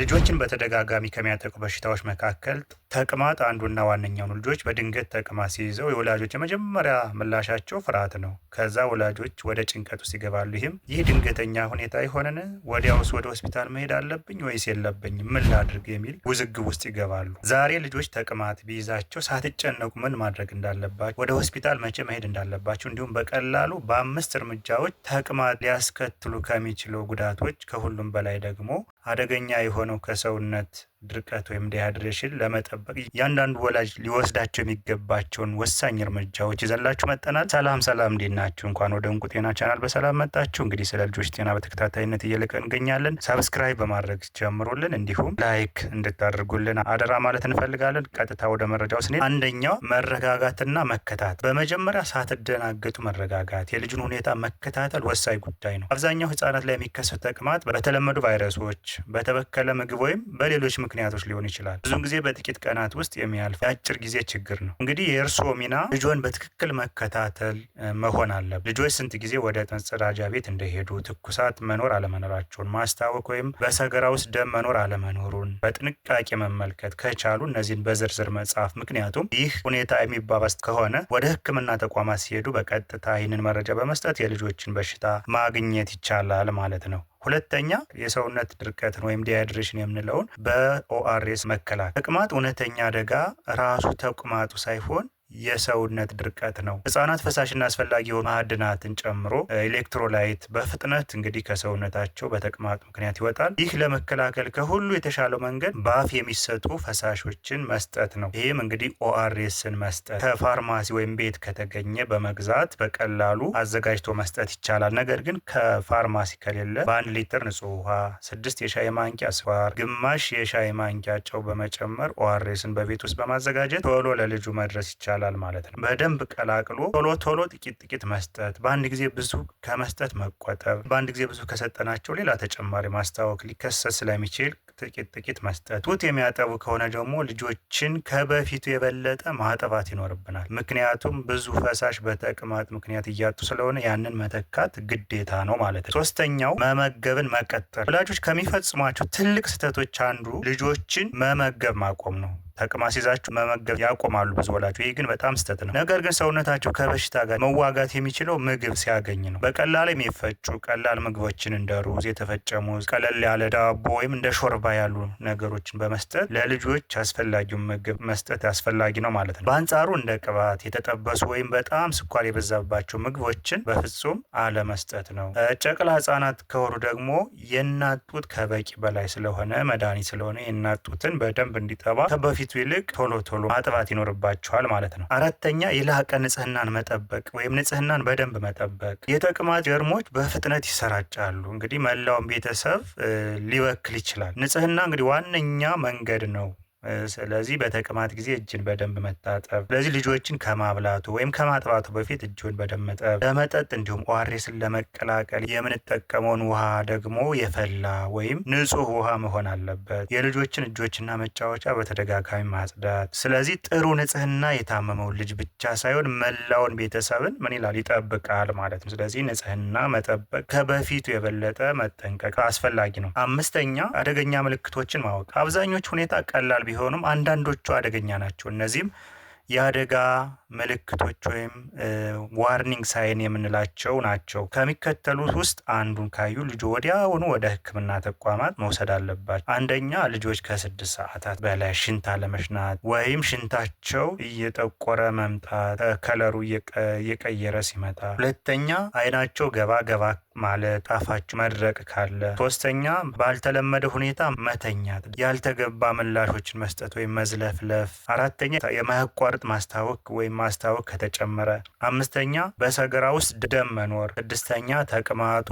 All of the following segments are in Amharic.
ልጆችን በተደጋጋሚ ከሚያጠቁ በሽታዎች መካከል ተቅማጥ አንዱና ዋነኛው ልጆች በድንገት ተቅማጥ ሲይዘው የወላጆች የመጀመሪያ ምላሻቸው ፍርሃት ነው። ከዛ ወላጆች ወደ ጭንቀት ውስጥ ይገባሉ። ይህም ይህ ድንገተኛ ሁኔታ የሆነን ወዲያውስ ወደ ሆስፒታል መሄድ አለብኝ ወይስ የለብኝ ምን ላድርግ የሚል ውዝግብ ውስጥ ይገባሉ። ዛሬ ልጆች ተቅማጥ ቢይዛቸው ሳትጨነቁ ምን ማድረግ እንዳለባቸው፣ ወደ ሆስፒታል መቼ መሄድ እንዳለባቸው እንዲሁም በቀላሉ በአምስት እርምጃዎች ተቅማጥ ሊያስከትሉ ከሚችለው ጉዳቶች ከሁሉም በላይ ደግሞ አደገኛ የሆነው ከሰውነት ድርቀት ወይም ዲሃይድሬሽን ለመጠበቅ እያንዳንዱ ወላጅ ሊወስዳቸው የሚገባቸውን ወሳኝ እርምጃዎች ይዘላችሁ መጠናል። ሰላም ሰላም፣ እንዴት ናችሁ? እንኳን ወደ እንቁ ጤና ቻናል በሰላም መጣችሁ። እንግዲህ ስለ ልጆች ጤና በተከታታይነት እየለቀ እንገኛለን። ሰብስክራይብ በማድረግ ጀምሩልን፣ እንዲሁም ላይክ እንድታደርጉልን አደራ ማለት እንፈልጋለን። ቀጥታ ወደ መረጃው ስንሄድ አንደኛው መረጋጋትና መከታተል። በመጀመሪያ ሳትደናገጡ መረጋጋት፣ የልጁን ሁኔታ መከታተል ወሳኝ ጉዳይ ነው። አብዛኛው ህጻናት ላይ የሚከሰት ተቅማጥ በተለመዱ ቫይረሶች፣ በተበከለ ምግብ ወይም በሌሎች ምክንያቶች ሊሆን ይችላል። ብዙን ጊዜ በጥቂት ቀናት ውስጥ የሚያልፍ የአጭር ጊዜ ችግር ነው። እንግዲህ የእርስዎ ሚና ልጆን በትክክል መከታተል መሆን አለብ። ልጆች ስንት ጊዜ ወደ መጸዳጃ ቤት እንደሄዱ፣ ትኩሳት መኖር አለመኖራቸውን ማስታወቅ ወይም በሰገራ ውስጥ ደም መኖር አለመኖሩን በጥንቃቄ መመልከት ከቻሉ እነዚህን በዝርዝር መጽሐፍ ምክንያቱም ይህ ሁኔታ የሚባባስ ከሆነ ወደ ሕክምና ተቋማት ሲሄዱ በቀጥታ ይህንን መረጃ በመስጠት የልጆችን በሽታ ማግኘት ይቻላል ማለት ነው። ሁለተኛ የሰውነት ድርቀትን ወይም ዲሃይድሬሽን የምንለውን በኦአርኤስ መከላከል። ተቅማጥ እውነተኛ አደጋ ራሱ ተቅማጡ ሳይሆን የሰውነት ድርቀት ነው። ህጻናት ፈሳሽና አስፈላጊ የሆኑ ማዕድናትን ጨምሮ ኤሌክትሮላይት በፍጥነት እንግዲህ ከሰውነታቸው በተቅማጥ ምክንያት ይወጣል። ይህ ለመከላከል ከሁሉ የተሻለው መንገድ በአፍ የሚሰጡ ፈሳሾችን መስጠት ነው። ይህም እንግዲህ ኦአርኤስን መስጠት ከፋርማሲ ወይም ቤት ከተገኘ በመግዛት በቀላሉ አዘጋጅቶ መስጠት ይቻላል። ነገር ግን ከፋርማሲ ከሌለ በአንድ ሊትር ንጹህ ውሃ ስድስት የሻይ ማንኪያ ስኳር፣ ግማሽ የሻይ ማንኪያ ጨው በመጨመር ኦአርኤስን በቤት ውስጥ በማዘጋጀት ቶሎ ለልጁ መድረስ ይቻላል። ይቻላል ማለት ነው። በደንብ ቀላቅሎ ቶሎ ቶሎ ጥቂት ጥቂት መስጠት፣ በአንድ ጊዜ ብዙ ከመስጠት መቆጠብ፣ በአንድ ጊዜ ብዙ ከሰጠናቸው ሌላ ተጨማሪ ማስታወክ ሊከሰት ስለሚችል ጥቂት ጥቂት መስጠት። ጡት የሚያጠቡ ከሆነ ደግሞ ልጆችን ከበፊቱ የበለጠ ማጠባት ይኖርብናል። ምክንያቱም ብዙ ፈሳሽ በተቅማጥ ምክንያት እያጡ ስለሆነ ያንን መተካት ግዴታ ነው ማለት ነው። ሶስተኛው መመገብን መቀጠል። ወላጆች ከሚፈጽሟቸው ትልቅ ስህተቶች አንዱ ልጆችን መመገብ ማቆም ነው። ተቅማ ሲይዛቸው መመገብ ያቆማሉ ብዙ ወላጆች። ይህ ግን በጣም ስህተት ነው። ነገር ግን ሰውነታቸው ከበሽታ ጋር መዋጋት የሚችለው ምግብ ሲያገኝ ነው። በቀላል የሚፈጩ ቀላል ምግቦችን እንደ ሩዝ፣ የተፈጨ ሙዝ፣ ቀለል ያለ ዳቦ ወይም እንደ ሾርባ ያሉ ነገሮችን በመስጠት ለልጆች አስፈላጊውን ምግብ መስጠት አስፈላጊ ነው ማለት ነው። በአንጻሩ እንደ ቅባት የተጠበሱ ወይም በጣም ስኳር የበዛባቸው ምግቦችን በፍጹም አለመስጠት ነው። ጨቅላ ህጻናት ከሆኑ ደግሞ የእናት ጡት ከበቂ በላይ ስለሆነ መድኃኒት ስለሆነ የእናት ጡትን በደንብ እንዲጠባ ከበፊቱ ይልቅ ቶሎ ቶሎ ማጥባት ይኖርባቸዋል ማለት ነው። አራተኛ የላቀ ንጽህናን መጠበቅ ወይም ንጽህናን በደንብ መጠበቅ። የተቅማጥ ጀርሞች በፍጥነት ይሰራጫሉ። እንግዲህ መላውን ቤተሰብ ሊበክል ይችላል። ንጽህና እንግዲህ ዋነኛ መንገድ ነው። ስለዚህ በተቅማጥ ጊዜ እጅን በደንብ መታጠብ። ስለዚህ ልጆችን ከማብላቱ ወይም ከማጥባቱ በፊት እጅን በደንብ መጠብ። ለመጠጥ እንዲሁም ኦአርኤስን ለመቀላቀል የምንጠቀመውን ውሃ ደግሞ የፈላ ወይም ንጹህ ውሃ መሆን አለበት። የልጆችን እጆችና መጫወቻ በተደጋጋሚ ማጽዳት። ስለዚህ ጥሩ ንጽህና የታመመውን ልጅ ብቻ ሳይሆን መላውን ቤተሰብን ምን ይላል ይጠብቃል ማለት ነው። ስለዚህ ንጽህና መጠበቅ ከበፊቱ የበለጠ መጠንቀቅ አስፈላጊ ነው። አምስተኛ አደገኛ ምልክቶችን ማወቅ። አብዛኞች ሁኔታ ቀላል ቢሆኑም አንዳንዶቹ አደገኛ ናቸው። እነዚህም የአደጋ ምልክቶች ወይም ዋርኒንግ ሳይን የምንላቸው ናቸው። ከሚከተሉት ውስጥ አንዱን ካዩ ልጆ ወዲያውኑ ወደ ሕክምና ተቋማት መውሰድ አለባቸው። አንደኛ ልጆች ከስድስት ሰዓታት በላይ ሽንት አለመሽናት ወይም ሽንታቸው እየጠቆረ መምጣት ከለሩ እየቀየረ ሲመጣ፣ ሁለተኛ አይናቸው ገባ ገባ ማለት፣ አፋቸው መድረቅ ካለ፣ ሶስተኛ ባልተለመደ ሁኔታ መተኛት፣ ያልተገባ ምላሾችን መስጠት ወይም መዝለፍለፍ፣ አራተኛ የማያቋርጥ ማስታወክ ወይም ማስታወክ ከተጨመረ፣ አምስተኛ በሰገራ ውስጥ ደም መኖር፣ ስድስተኛ ተቅማጡ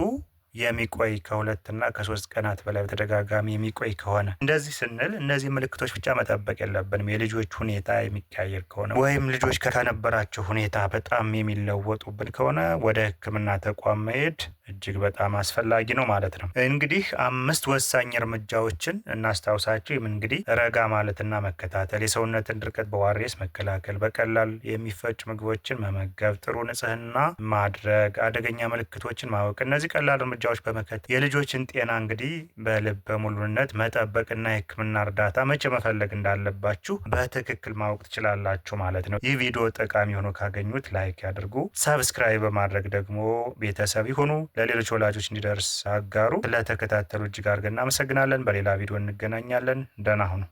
የሚቆይ ከሁለትና ከሶስት ቀናት በላይ በተደጋጋሚ የሚቆይ ከሆነ እንደዚህ ስንል እነዚህ ምልክቶች ብቻ መጠበቅ የለብንም። የልጆች ሁኔታ የሚቀያየር ከሆነ ወይም ልጆች ከነበራቸው ሁኔታ በጣም የሚለወጡብን ከሆነ ወደ ሕክምና ተቋም መሄድ እጅግ በጣም አስፈላጊ ነው ማለት ነው። እንግዲህ አምስት ወሳኝ እርምጃዎችን እናስታውሳቸው። ይህም እንግዲህ ረጋ ማለትና መከታተል፣ የሰውነትን ድርቀት በዋሬስ መከላከል፣ በቀላል የሚፈጭ ምግቦችን መመገብ፣ ጥሩ ንጽህና ማድረግ፣ አደገኛ ምልክቶችን ማወቅ። እነዚህ ቀላል እርምጃ እርምጃዎች በመከተል የልጆችን ጤና እንግዲህ በልብ በሙሉነት መጠበቅና የህክምና እርዳታ መቼ መፈለግ እንዳለባችሁ በትክክል ማወቅ ትችላላችሁ ማለት ነው። ይህ ቪዲዮ ጠቃሚ ሆኖ ካገኙት ላይክ ያድርጉ፣ ሰብስክራይብ በማድረግ ደግሞ ቤተሰብ ይሁኑ። ለሌሎች ወላጆች እንዲደርስ አጋሩ። ስለተከታተሉ እጅግ አድርገን እናመሰግናለን። በሌላ ቪዲዮ እንገናኛለን። ደህና ሁኑ።